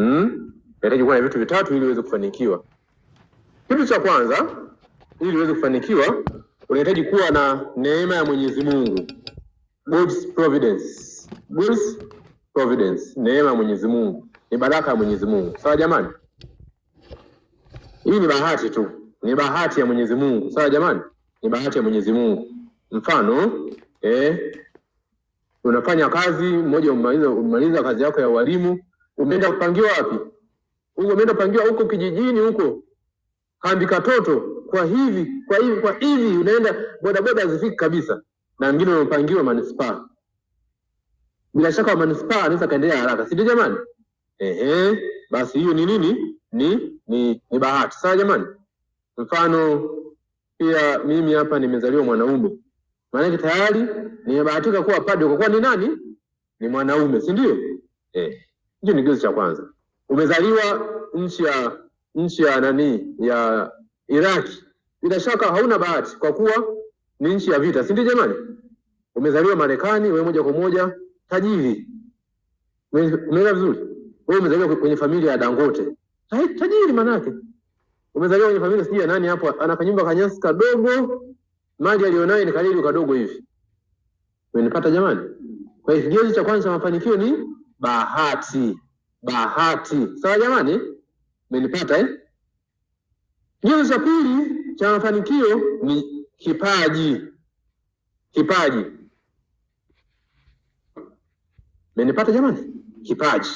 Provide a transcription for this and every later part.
hmm? Inahitaji kuwa na vitu vitatu ili uweze kufanikiwa. Kitu cha kwanza, ili uweze kufanikiwa, unahitaji kuwa na neema ya Mwenyezi Mungu, God's providence. God's providence, neema ya Mwenyezi Mungu ni baraka ya Mwenyezi Mungu, sawa jamani? Hii ni bahati tu, ni bahati ya Mwenyezi Mungu, sawa jamani? Ni bahati ya Mwenyezi Mungu. Mfano eh, unafanya kazi mmoja, umaliza kazi yako ya ualimu umeenda kupangiwa wapi? Huko umeenda kupangiwa huko kijijini huko kambi katoto. Kwa hivi kwa hivi kwa hivi, unaenda bodaboda hazifiki kabisa, na wengine wamepangiwa manispaa. Bila shaka manispaa anaweza kaendelea haraka, si ndio jamani? Ehe, basi hiyo ni nini? Ni ni, ni bahati. Sawa jamani, mfano pia mimi hapa nimezaliwa mwanaume, maanake tayari nimebahatika kuwa padre kwa kuwa ni nani? Ni mwanaume, si ndio? Eh. Hicho ni kigezo cha kwanza. Umezaliwa nchi ya nchi ya nani ya Iraki, bila shaka hauna bahati kwa kuwa ni nchi ya vita, si ndio jamani? Umezaliwa Marekani, wewe moja kwa moja tajiri. Umeelewa vizuri? Wewe umezaliwa kwenye familia ya Dangote, tajiri manake. Umezaliwa kwenye familia sijui ya nani hapo, ana kanyumba kanyasi kadogo, mali alionayo ni kalili kadogo hivi. Umenipata jamani? Kwa hiyo kigezo cha kwanza cha mafanikio ni bahati bahati. Sawa jamani, menipata eh? Kigezo cha pili cha mafanikio ni kipaji. Kipaji, menipata jamani? Kipaji.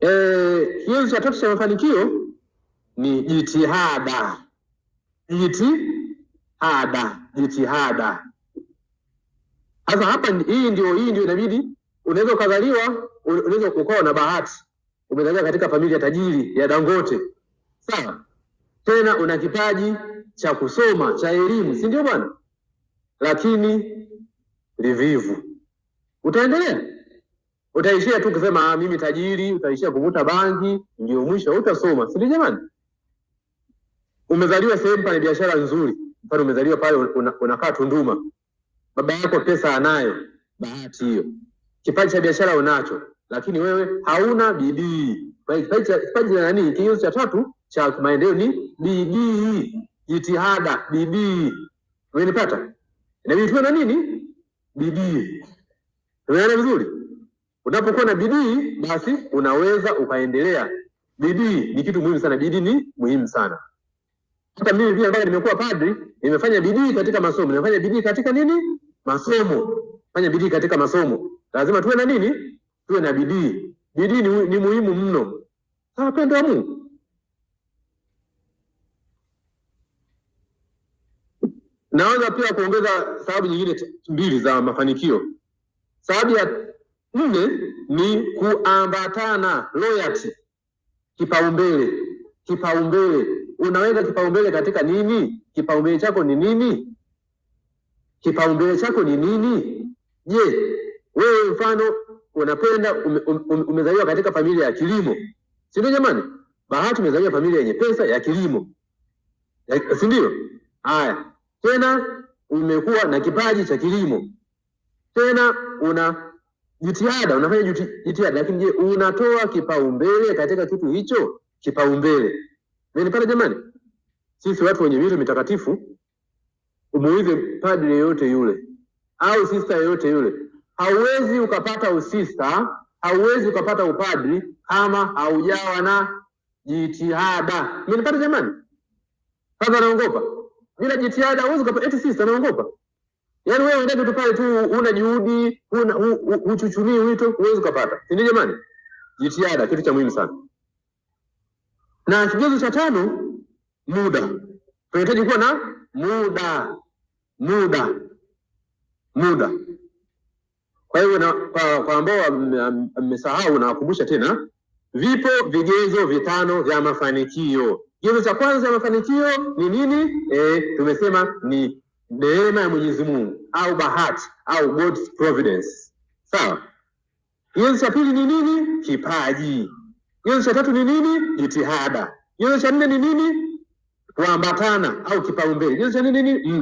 E, eh, kigezo cha tatu cha mafanikio ni jitihada. Jitihada, jitihada. Sasa hapa hii ndio, hii ndio inabidi unaweza ukazaliwa, unaweza ukawa na bahati, umezaliwa katika familia tajiri ya Dangote, sawa, tena una kipaji cha kusoma cha elimu, si ndio bwana? Lakini livivu, utaendelea utaishia tu kusema ah, mimi tajiri, utaishia kuvuta bangi, ndio mwisho, utasoma si ndio jamani? Umezaliwa sehemu pale biashara nzuri, mfano umezaliwa pale unakaa una Tunduma, baba yako pesa anayo, bahati hiyo kipaji cha biashara unacho, lakini wewe hauna bidii. Kwa hiyo kipaji cha nani, kigezo cha tatu cha maendeleo ni bidii, jitihada, bidii. Umenipata? na tuwe na nini? Bidii. Umeona vizuri? Unapokuwa na bidii, basi unaweza ukaendelea. Bidii ni kitu muhimu sana, bidii ni muhimu sana. Hata mimi pia mpaka nimekuwa padri, nimefanya bidii katika masomo, nimefanya bidii katika nini? Masomo, fanya bidii katika masomo Lazima tuwe na nini? Tuwe na bidii. Bidii ni, ni muhimu mno. Wapendwa wa Mungu, naweza pia kuongeza sababu nyingine mbili za mafanikio. Sababu ya nne ni kuambatana, loyalty, kipaumbele. Kipaumbele, unaweka kipaumbele katika nini? Kipaumbele chako ni nini? Kipaumbele chako ni nini? Je, wewe mfano unapenda umezaliwa um, um, katika familia ya kilimo, si ndio? Jamani, Bahati umezaliwa familia yenye pesa ya kilimo, si ndio? Haya, tena umekuwa na kipaji cha kilimo, tena una jitihada, unafanya jitihada, lakini je, unatoa kipaumbele katika kitu hicho? Kipaumbele menipata jamani, sisi watu wenye mito mitakatifu, umuulize padri yeyote yule au sista yeyote yule Hauwezi ukapata usista, hauwezi ukapata upadri kama haujawa na jitihada. Mmenipata jamani? Kaza naongopa. Bila jitihada huwezi ukapata eti sista naongopa. Yaani wewe unataka tupale tu una juhudi, una uchuchumii wito huwezi ukapata. Si ndio jamani? Jitihada kitu cha muhimu sana. Na kigezo cha tano muda. Tunahitaji kuwa na muda. Muda. Muda. Kwa hivyo kwa ambao mmesahau, nawakumbusha tena, vipo vigezo vitano vya mafanikio. Kigezo cha kwanza mafanikio ni nini? E, tumesema ni neema ya Mwenyezi Mungu au bahati au God's providence, sawa. Kigezo cha pili ni nini? Kipaji. Kigezo cha tatu ni nini? Jitihada. Kigezo cha nne ni nini? Kuambatana au kipaumbele. Kigezo cha nne ni nini?